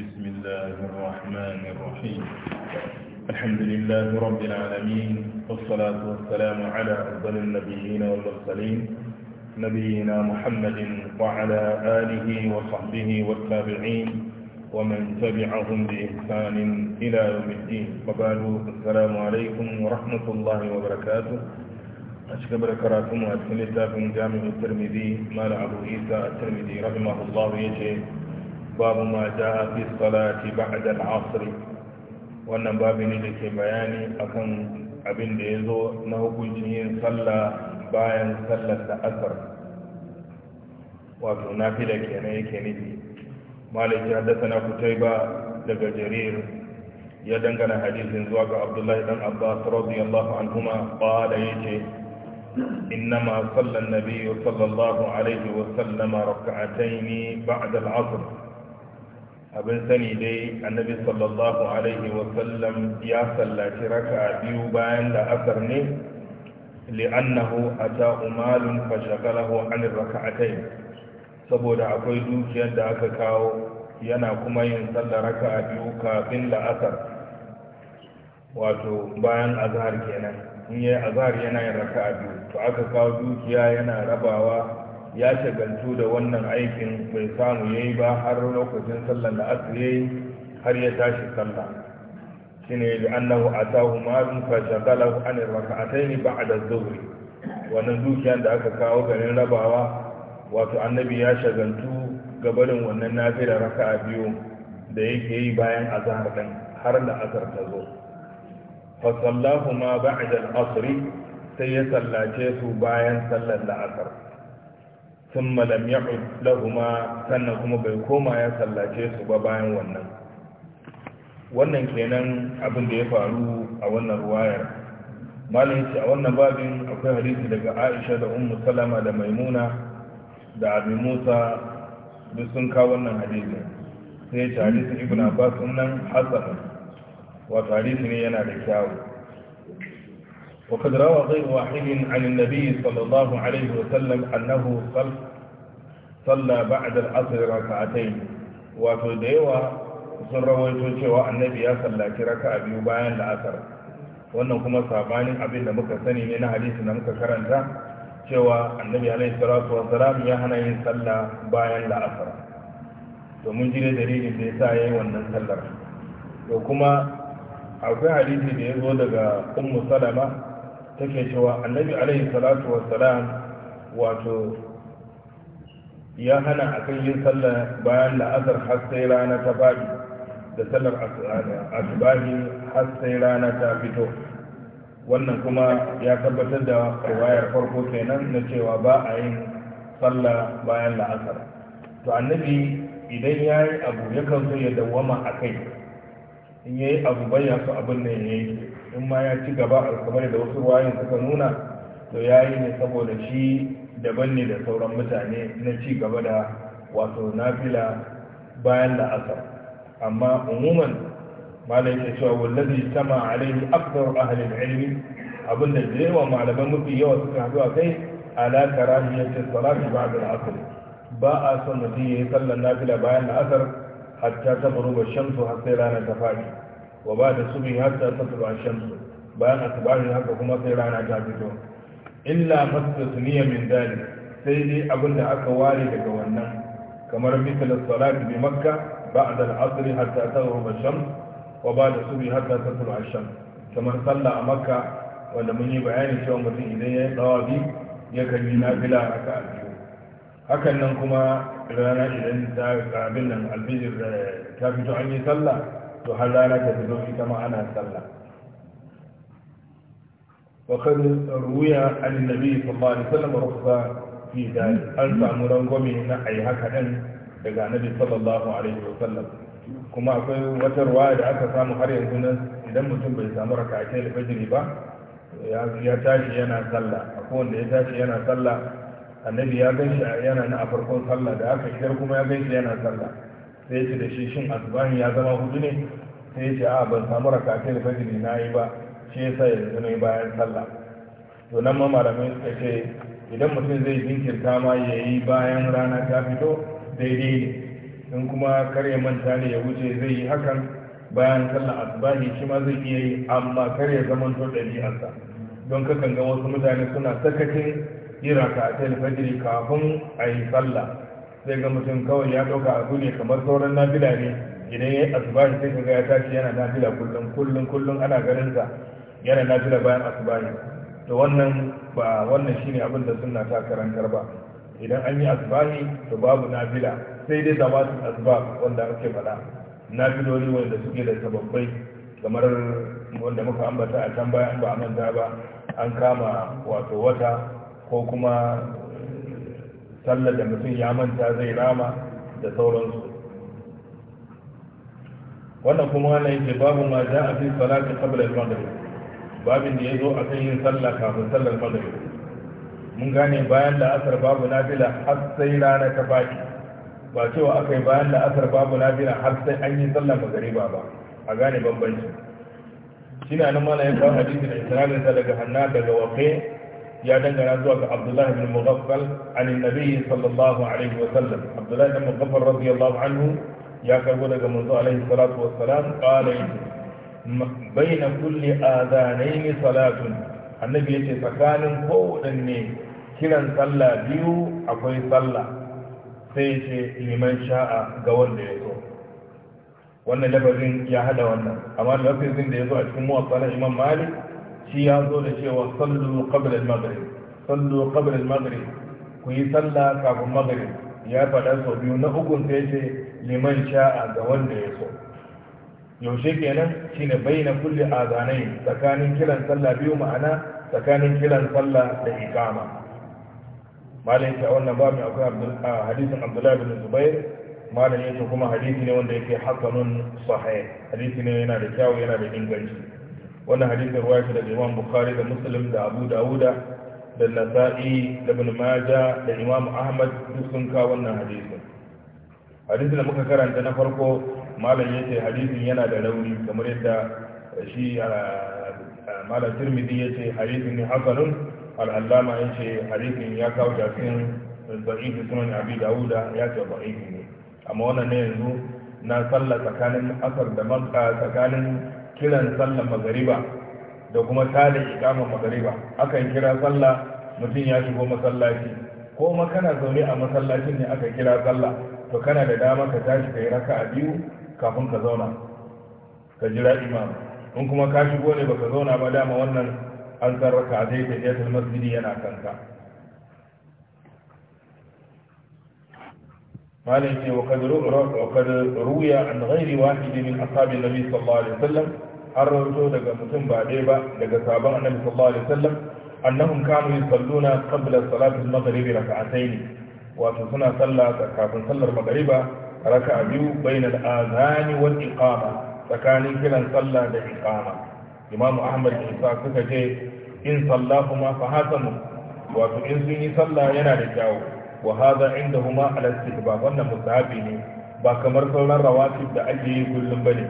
بسم الله الرحمن الرحيم الحمد لله رب العالمين والصلاة والسلام على أفضل النبيين والمرسلين نبينا محمد وعلى آله وصحبه والتابعين ومن تبعهم بإحسان إلى يوم الدين وبعد السلام عليكم ورحمة الله وبركاته أشكر بركاتكم وأتمنى لكم جامع الترمذي مال أبو عيسى الترمذي رحمه الله يجي babu ma ja fi salati ba'da al-asr wannan babu ne da ke bayani akan abin da ya zo na hukuncin yin sallah bayan sallar da asar wato nafila kenan yake nufi malik ya haddasa na kutaiba daga jarir ya dangana hadisin zuwa ga abdullahi dan abbas radiyallahu anhuma qala yace إنما صلى النبي صلى الله عليه وسلم ركعتين بعد العصر abin sani dai annabi sallallahu alaihi wasallam ya sallaci raka biyu bayan da asar ne li'annahu ata umalun fa shagalahu an raka'atayn saboda akwai dukiyar da aka kawo yana kuma yin sallar raka'a biyu kafin la'asar wato bayan azhar kenan in yayi azhar yana yin raka'a biyu to aka kawo dukiya yana rabawa ya shagaltu da wannan aikin bai samu ya yi ba har lokacin sallar da aka ya yi har ya tashi sallah shi ne da annahu a tahu ma'azin ku an irraka a taini ba a da zauri wannan dukiyar da aka kawo ganin rabawa wato annabi ya shagaltu gabarin wannan da raka a biyu da yake yi bayan azahar ɗin har da asar ta zo fasallahu ma ba'da al sai ya sallace su bayan sallar la'asar sun malam ya lahuma sannan kuma bai koma ya sallace su ba bayan wannan wannan kenan abin da ya faru a wannan ruwayar malin shi a wannan babin akwai hadisi daga aisha da ummu salama da maimuna da abin musa duk sun kawo wannan hadisi sai ce hadisin ibn abbas nan hasan wato hadisi ne yana da kyawu وقد روى غير واحد عن النبي صلى الله عليه وسلم أنه صل صلى بعد العصر ركعتين وتديوى sun rawaito cewa annabi ya sallaci raka a biyu bayan la'asar wannan kuma sabanin abin da muka sani ne na hadisi da muka karanta cewa annabi alaihi salatu salam ya hana yin sallah bayan la'asar domin ji dalilin da ya sa ya wannan sallar to kuma akwai hadisi da ya zo daga ummu salama take cewa annabi alaihi salatu wa salam wato ya hana akan yin sallah bayan la'asar har sai rana ta faɗi da sallar asubahi har sai rana ta fito wannan kuma ya tabbatar da riwayar farko kenan na cewa ba a yin sallah bayan la'asar to annabi idan ya yi abu yakan so ya dawwama a kai in ya yi abu bayan so abin da ya yi in ma ya ci gaba alkamar da wasu wayan suka nuna to ya yi ne saboda shi daban ne da sauran mutane na ci gaba da wato nafila bayan la'asar amma umuman malai ke cewa wallazi sama alaihi akthar ahalin ilmi abinda da yawa malaman mafi yawa suka haɗu a kai ala karahiyatin salati ba da asr ba a son mutum yi sallar nafila bayan la'asar hatta ta ba shamsu har sai rana ta fadi wa ba da subi hatta tatlu'a shamsu bayan asbahin haka kuma sai rana ta fito illa masu mastasniya min dalik sai dai abin da aka ware daga wannan kamar misal salati bi makka ba'da al-asr hatta taghrub ash-shams wa ba da ba'da subhi hatta tatlu'a ash shamsu kamar sallah a makka wanda mun yi bayani cewa mutum idan ya yi tsawabi ya kan yi nafila raka a biyu hakan nan kuma rana idan ta abin nan da eh, ta fito an yi sallah to har rana ta fito ita ma ana sallah وقد روي عن النبي صلى الله عليه وسلم رخصة في ذلك أن تعمرون قومي نحي هكذا daga annabi sallallahu alaihi wa sallam kuma akwai wata ruwaya da aka samu har yanzu nan idan mutum bai samu rakace da fajiri ba ya tashi yana sallah akwai wanda ya tashi yana sallah annabi ya gan shi yana na a farkon sallah da aka shigar kuma ya gan shi yana sallah sai ya ce da shi shin asubani ya zama hudu ne sai ya ce a ban samu da fajiri na yi ba shi ya yasa zama yi bayan sallah to nan ma malamai suka ce idan mutum zai jinkirta ma ya yi bayan rana ta fito daidai ne in kuma kar ya manta ne ya wuce zai yi hakan bayan sallah asubani shi ma zai iya yi amma kar ya zamanto ɗabi'arsa don kakan ga wasu mutane suna sakacin yin da fajiri kafin a yi sallah sai ga mutum kawai ya ɗauka abu ne kamar sauran nafila ne idan ya yi asubahi sai ka ga ya tashi yana nafila kullum kullum kullum ana ganin sa yana nafila bayan asubahi to wannan ba wannan shine abin da sunna ta karantar ba idan an yi asubahi to babu nafila sai dai zawatul asbab wanda ake faɗa nafiloli wanda suke da sababbai kamar wanda muka ambata a can bayan ba a manta ba an kama wato wata ko kuma sallar da mutum ya manta zai rama da sauransu wannan kuma wannan yake babu ma za a fi salati qabla al-maghrib babin da yazo akan yin sallah kafin sallar maghrib mun gane bayan da asar babu nafila har sai rana ta baki ba cewa akai bayan da asar babu nafila har sai an yi sallar magari ba a gane bambanci na nan mana ya kawo hadisi da isnadin daga hanna daga waqi' ya dangana zuwa ga abdullahi bin mughaffal an annabi sallallahu alaihi wa sallam abdullahi bin mughaffal radiyallahu anhu ya karbo daga manzo alaihi salatu Salam qala baina kulli adhanayn salatun annabi yace tsakanin kowanne kiran sallah biyu akwai sallah sai yace liman sha'a ga wanda ya zo wannan lafazin ya hada wannan amma lafazin da ya zo a cikin muwaffala imam malik shi ya zo da cewa sallu qabla al-maghrib sallu qabla al-maghrib ku yi sallah kafin maghrib ya faɗa sau biyu na ukun sai ce liman sha'a ga wanda ya so yaushe kenan shine bayyana kulli azanai tsakanin kiran sallah biyu ma'ana tsakanin kiran sallah da ikama malai ta wannan babin akwai hadisin abdullahi bin zubair malai yace kuma hadisi ne wanda yake hasanun sahih hadisi ne yana da kyau yana da inganci wannan hadisin ruwa shi daga imam bukhari da muslim da abu dawuda da nasa'i da ibn maja da imam ahmad duk sun kawo wannan hadisin hadisin da muka karanta na farko malam yace hadisin yana da rauni kamar yadda shi malam tirmidhi yace hadisin ne hasanun al-allama yace hadisin ya kawo jakin da'ifi sunan abi dawuda ya ce da'ifi ne amma wannan ne yanzu na sallah tsakanin asar da mabka tsakanin kiran sallar magariba da kuma tada ikamar magariba akan kira sallah mutum ya shigo masallaci ko kana zaune a masallacin ne aka kira sallah to kana da dama ka tashi ka yi raka a biyu kafin ka zauna ka jira imam in kuma ka shigo ne baka zauna ba dama wannan an san raka a zai ta masjidi yana kanka قال وقد روي عن غير واحد من اصحاب النبي صلى الله عليه وسلم an rawaito daga mutum ba ɗaya ba daga sabon annabi sallallahu alaihi wasallam annahum kanu yusalluna qabla salati al-maghrib rak'atayn wato suna sallah kafin sallar magriba raka'a biyu bayna al-azan iqama tsakanin kiran sallah da iqama imam ahmad bin isa suka ce in sallahuma fa hasamu wato in sun yi sallah yana da kyawu wa hadha indahuma ala istihbab wannan musahabi ne ba kamar sauran rawatib da ake yi kullum bane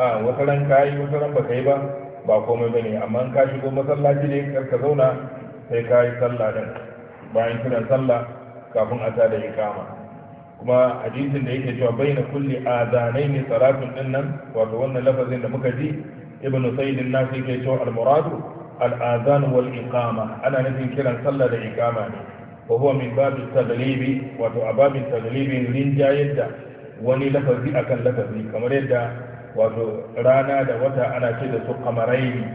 a wata ran kayi wata ran baka yi ba ba komai bane amma ka shigo masallaci ne kar ka zauna sai ka yi sallah din bayan kiran sallah kafin a tada ikama kuma hadisin da yake cewa baina kulli azanaini salatun ɗin nan wato wannan lafazin da muka ji ibnu sayyid na nafi yake cewa al-muradu al-azan wal iqama ana nufin kiran sallah da iqama ne وهو من Wato a وتعباب التغليب لنجا يدى wani lafazi akan lafazi kamar yadda wato rana da wata ana ce da su kamaraini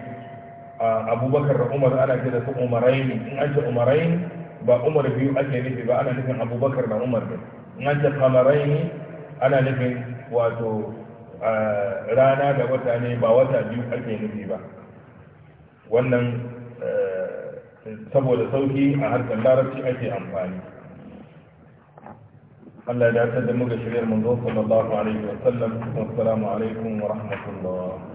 abubakar da umar ana ce da su umaraini in an ce umaraini ba umar biyu ake nufi ba ana nufin abubakar da umar ne in an ce kamaraini ana nufin wato rana da wata ne ba wata biyu ake nufi ba wannan eh, saboda sauki a harkar larabci ake amfani الله لا تدمج شرير من صلى الله عليه وسلم والسلام عليكم ورحمة الله